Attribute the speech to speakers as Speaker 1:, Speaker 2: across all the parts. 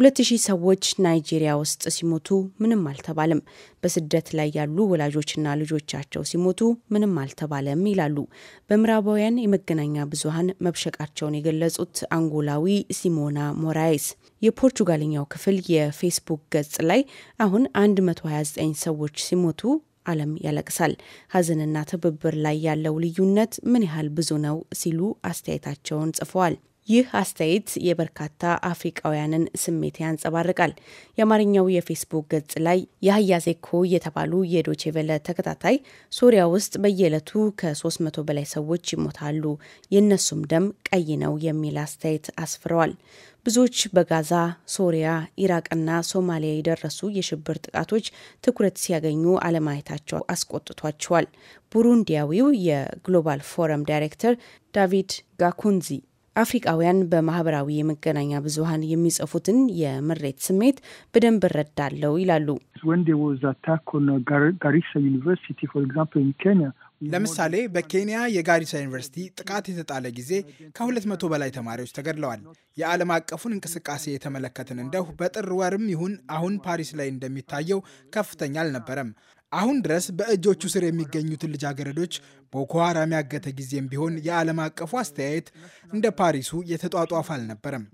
Speaker 1: ሁለት ሺህ ሰዎች ናይጄሪያ ውስጥ ሲሞቱ ምንም አልተባለም። በስደት ላይ ያሉ ወላጆችና ልጆቻቸው ሲሞቱ ምንም አልተባለም ይላሉ በምዕራባውያን የመገናኛ ብዙሀን መብሸቃቸውን የገለጹት አንጎላዊ ሲሞና ሞራይስ። የፖርቹጋልኛው ክፍል የፌስቡክ ገጽ ላይ አሁን 129 ሰዎች ሲሞቱ ዓለም ያለቅሳል። ሀዘንና ትብብር ላይ ያለው ልዩነት ምን ያህል ብዙ ነው ሲሉ አስተያየታቸውን ጽፈዋል። ይህ አስተያየት የበርካታ አፍሪቃውያንን ስሜት ያንጸባርቃል። የአማርኛው የፌስቡክ ገጽ ላይ የህያዜኮ ዜኮ የተባሉ የዶቼቬለ ተከታታይ ሶሪያ ውስጥ በየዕለቱ ከ300 በላይ ሰዎች ይሞታሉ፣ የእነሱም ደም ቀይ ነው የሚል አስተያየት አስፍረዋል። ብዙዎች በጋዛ፣ ሶሪያ፣ ኢራቅና ሶማሊያ የደረሱ የሽብር ጥቃቶች ትኩረት ሲያገኙ አለማየታቸው አስቆጥቷቸዋል። ቡሩንዲያዊው የግሎባል ፎረም ዳይሬክተር ዳቪድ ጋኩንዚ አፍሪቃውያን በማህበራዊ የመገናኛ ብዙሀን የሚጽፉትን የምሬት ስሜት በደንብ እረዳለው ይላሉ።
Speaker 2: ጋሪሳ ዩኒቨርሲቲ ፎር ኤግዛምፕል ኬንያ ለምሳሌ በኬንያ የጋሪሳ ዩኒቨርሲቲ ጥቃት የተጣለ ጊዜ ከ200 በላይ ተማሪዎች ተገድለዋል። የዓለም አቀፉን እንቅስቃሴ የተመለከትን እንደሁ በጥር ወርም ይሁን አሁን ፓሪስ ላይ እንደሚታየው ከፍተኛ አልነበረም። አሁን ድረስ በእጆቹ ስር የሚገኙትን ልጃገረዶች ቦኮ ሐራም ያገተ ጊዜም ቢሆን የዓለም አቀፉ አስተያየት እንደ ፓሪሱ የተጧጧፈ
Speaker 1: አልነበረም።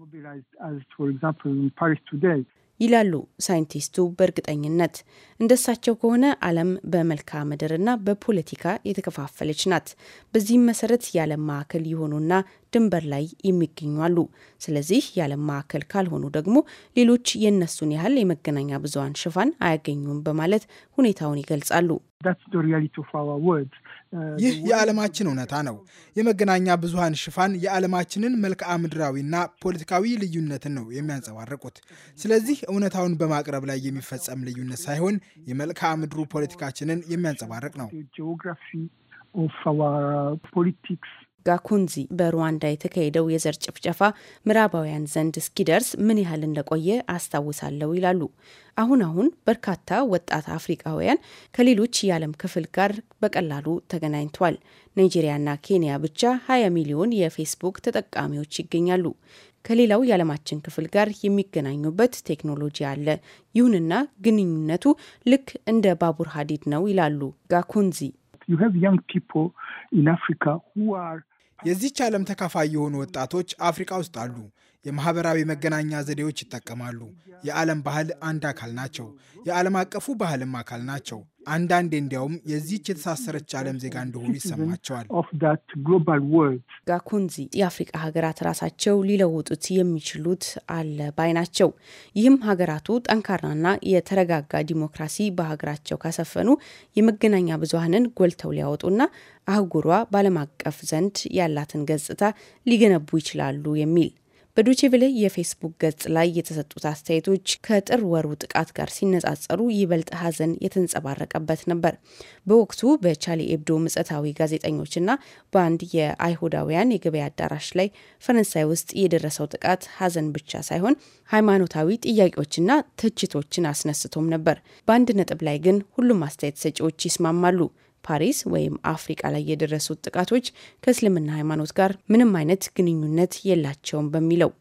Speaker 1: ይላሉ ሳይንቲስቱ። በእርግጠኝነት እንደሳቸው ከሆነ ዓለም በመልክዓ ምድርና በፖለቲካ የተከፋፈለች ናት። በዚህም መሰረት የዓለም ማዕከል የሆኑና ድንበር ላይ የሚገኙ አሉ። ስለዚህ የዓለም ማዕከል ካልሆኑ ደግሞ ሌሎች የእነሱን ያህል የመገናኛ ብዙሃን ሽፋን አያገኙም በማለት ሁኔታውን ይገልጻሉ። Uh, ይህ የዓለማችን እውነታ ነው። የመገናኛ
Speaker 2: ብዙሃን ሽፋን የዓለማችንን መልክዓ ምድራዊና ፖለቲካዊ ልዩነትን ነው የሚያንጸባርቁት። ስለዚህ እውነታውን በማቅረብ ላይ የሚፈጸም ልዩነት ሳይሆን የመልክዓ ምድሩ ፖለቲካችንን
Speaker 1: የሚያንጸባርቅ ነው። ጋኩንዚ በሩዋንዳ የተካሄደው የዘር ጭፍጨፋ ምዕራባውያን ዘንድ እስኪደርስ ምን ያህል እንደቆየ አስታውሳለሁ ይላሉ። አሁን አሁን በርካታ ወጣት አፍሪካውያን ከሌሎች የዓለም ክፍል ጋር በቀላሉ ተገናኝቷል። ናይጄሪያና ኬንያ ብቻ 20 ሚሊዮን የፌስቡክ ተጠቃሚዎች ይገኛሉ። ከሌላው የዓለማችን ክፍል ጋር የሚገናኙበት ቴክኖሎጂ አለ። ይሁንና ግንኙነቱ ልክ እንደ ባቡር ሀዲድ ነው ይላሉ ጋኩንዚ።
Speaker 2: የዚች ዓለም ተካፋይ የሆኑ ወጣቶች አፍሪቃ ውስጥ አሉ። የማህበራዊ መገናኛ ዘዴዎች ይጠቀማሉ። የዓለም ባህል አንድ አካል ናቸው። የዓለም አቀፉ ባህልም አካል ናቸው። አንዳንዴ እንዲያውም የዚች የተሳሰረች ዓለም ዜጋ እንደሆኑ ይሰማቸዋል።
Speaker 1: ጋኩንዚ የአፍሪቃ ሀገራት ራሳቸው ሊለውጡት የሚችሉት አለ ባይ ናቸው። ይህም ሀገራቱ ጠንካራና የተረጋጋ ዲሞክራሲ በሀገራቸው ካሰፈኑ የመገናኛ ብዙሀንን ጎልተው ሊያወጡና አህጉሯ በዓለም አቀፍ ዘንድ ያላትን ገጽታ ሊገነቡ ይችላሉ የሚል በዶቼቬሌ የፌስቡክ ገጽ ላይ የተሰጡት አስተያየቶች ከጥር ወሩ ጥቃት ጋር ሲነጻጸሩ ይበልጥ ሀዘን የተንጸባረቀበት ነበር። በወቅቱ በቻሊ ኤብዶ ምጸታዊ ጋዜጠኞችና በአንድ የአይሁዳውያን የገበያ አዳራሽ ላይ ፈረንሳይ ውስጥ የደረሰው ጥቃት ሀዘን ብቻ ሳይሆን ሃይማኖታዊ ጥያቄዎችና ትችቶችን አስነስቶም ነበር። በአንድ ነጥብ ላይ ግን ሁሉም አስተያየት ሰጪዎች ይስማማሉ። ፓሪስ ወይም አፍሪቃ ላይ የደረሱት ጥቃቶች ከእስልምና ሃይማኖት ጋር ምንም አይነት ግንኙነት የላቸውም በሚለው